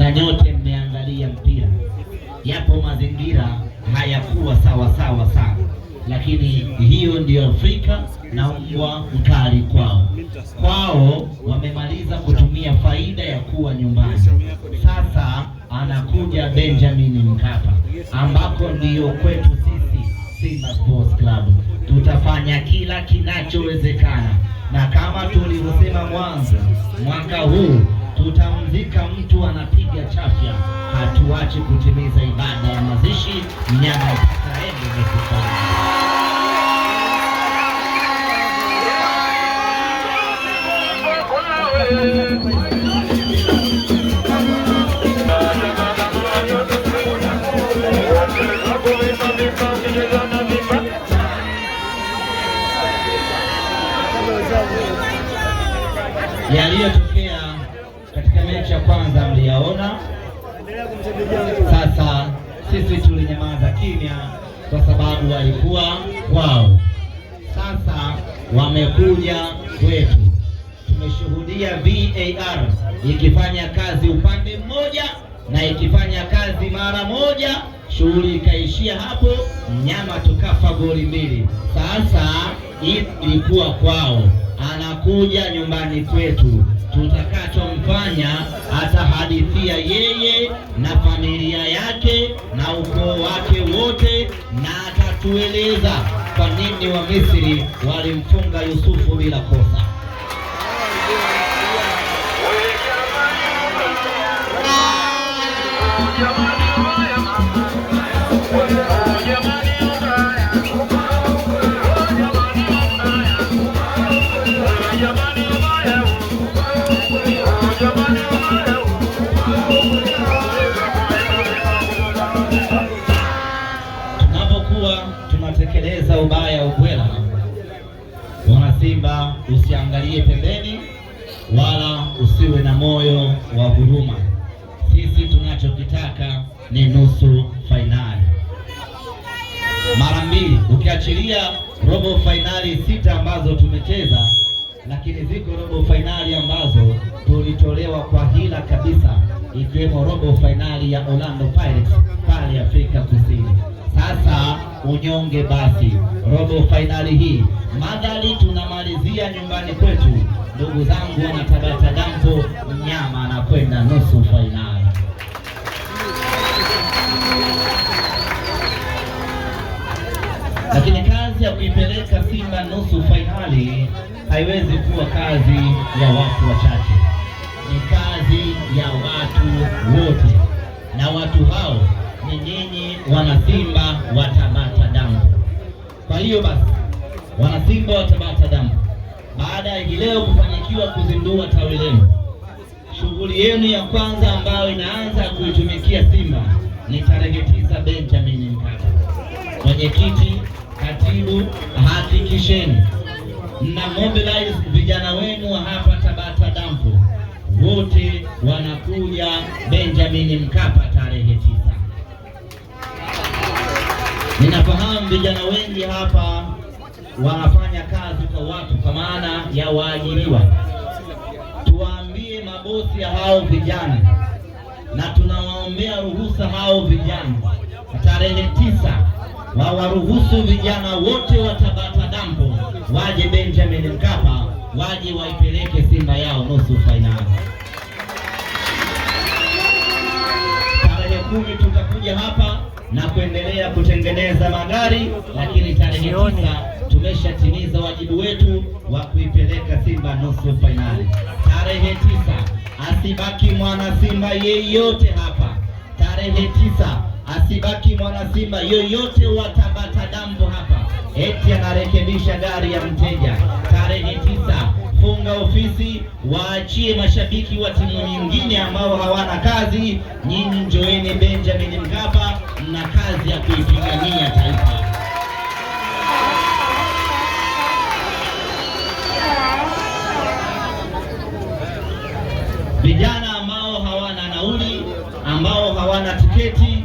na nyote mmeangalia mpira. Yapo mazingira hayakuwa sawa sawa sana, lakini hiyo ndio Afrika na mbwa mkali kwao. Kwao wamemaliza kutumia faida ya kuwa nyumbani, sasa anakuja Benjamin Mkapa ambako ndiyo kwetu sisi Simba Sports Club. Tutafanya kila kinachowezekana na kama tulivyosema mwanzo, mwaka huu tutamzika mtu anapiga chafya, hatuache kutimiza ibada ya mazishi mnyama Israeli. katika mechi ya kwanza mliyaona. Sasa sisi tulinyamaza kimya kwa sababu walikuwa kwao, sasa wamekuja kwetu. Tumeshuhudia VAR ikifanya kazi upande mmoja na ikifanya kazi mara moja, shughuli ikaishia hapo, mnyama tukafa goli mbili. Sasa ilikuwa kwao, anakuja nyumbani kwetu tutakachomfanya atahadithia yeye na familia yake na ukoo wake wote, na atatueleza kwa nini wa Misri walimfunga Yusufu bila kosa. ni nusu fainali mara mbili, ukiachilia robo fainali sita ambazo tumecheza, lakini ziko robo fainali ambazo tulitolewa kwa hila kabisa, ikiwemo robo fainali ya Orlando Pirates pale Afrika Kusini. Sasa unyonge basi, robo fainali hii madhali tunamalizia nyumbani kwetu, ndugu zangu wanatabata Tabata Dampo, mnyama anakwenda nusu fainali. kuipeleka Simba nusu fainali haiwezi kuwa kazi ya watu wachache, ni kazi ya watu wote, na watu hao ni nyinyi wanasimba wa Tabata Damu. Kwa hiyo basi, wanasimba wa Tabata Damu, baada ya leo kufanikiwa kuzindua tawi lenu, shughuli yenu ya kwanza ambayo inaanza kuitumikia Simba ni tarehe tisa Benjamin Mkapa mwenyekiti taratibu, hakikisheni mna mobilize vijana wenu hapa Tabata dampo, wote wanakuja Benjamin Mkapa tarehe tisa. Ninafahamu vijana wengi hapa wanafanya kazi kwa watu, kwa maana ya waajiriwa. Tuwaambie mabosi ya hao vijana na tunawaombea ruhusa hao vijana tarehe tisa wawaruhusu vijana wote wa Tabata dampo waje Benjamin Mkapa, waje waipeleke Simba yao nusu fainali. Tarehe kumi tutakuja hapa na kuendelea kutengeneza magari, lakini tarehe tisa tumeshatimiza wajibu wetu wa kuipeleka Simba nusu fainali. Tarehe tisa asibaki mwana Simba yeyote hapa tarehe tisa asibaki mwana Simba yoyote watabata dambo hapa, eti anarekebisha gari ya mteja. Tarehe tisa funga ofisi, waachie mashabiki wa timu nyingine ambao hawana kazi. Nyinyi njoeni Benjamin Mkapa, mna kazi ya kuipigania taifa. Vijana ambao hawana nauli, ambao hawana tiketi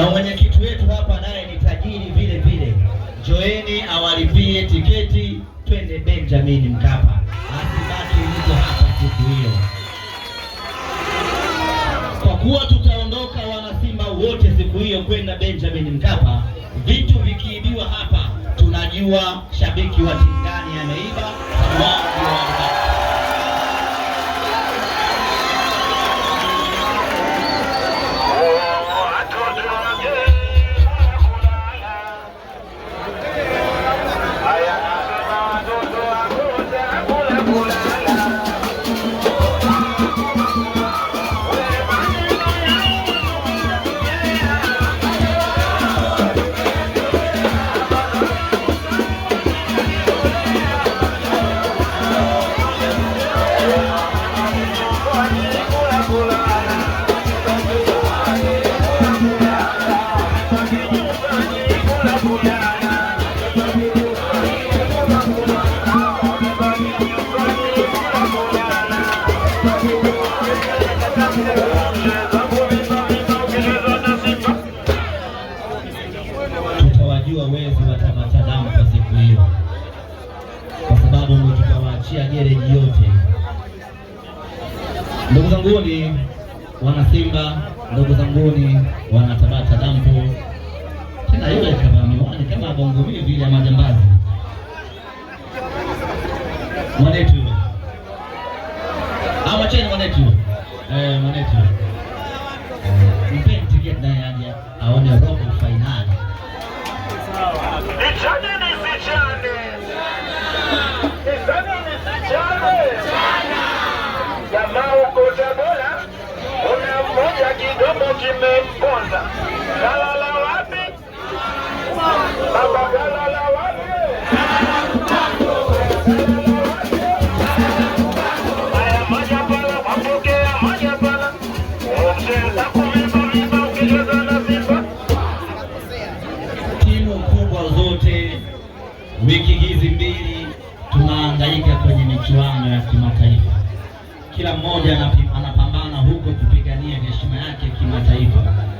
na mwenyekiti wetu hapa naye ni tajiri vile vile. Joeni awalipie tiketi twende Benjamin Mkapa, asibaki mko hapa siku hiyo, kwa kuwa tutaondoka wanasimba wote siku hiyo kwenda Benjamin Mkapa. Vitu vikiibiwa hapa, tunajua shabiki wa timu gani ameiba. tutawajua wezi wa tamasha damu kwa siku hiyo, kwa sababu ndio tutawaachia gereji yote. Ndugu zanguni wana Simba, ndugu zanguni wana Tabata dampo tena yule kama miwani kama bongo mimi vile majambazi. Mwanetu. Ama ah, cheni mwanetu. Eh, mwanetu. Eh, mpeni tiketi na aje aone robo finali. Jamaa uko mmoja kidogo kimemponza. kubwa zote wiki hizi mbili tunahangaika kwenye michuano ya kimataifa, kila mmoja anapambana huko kupigania heshima yake kimataifa.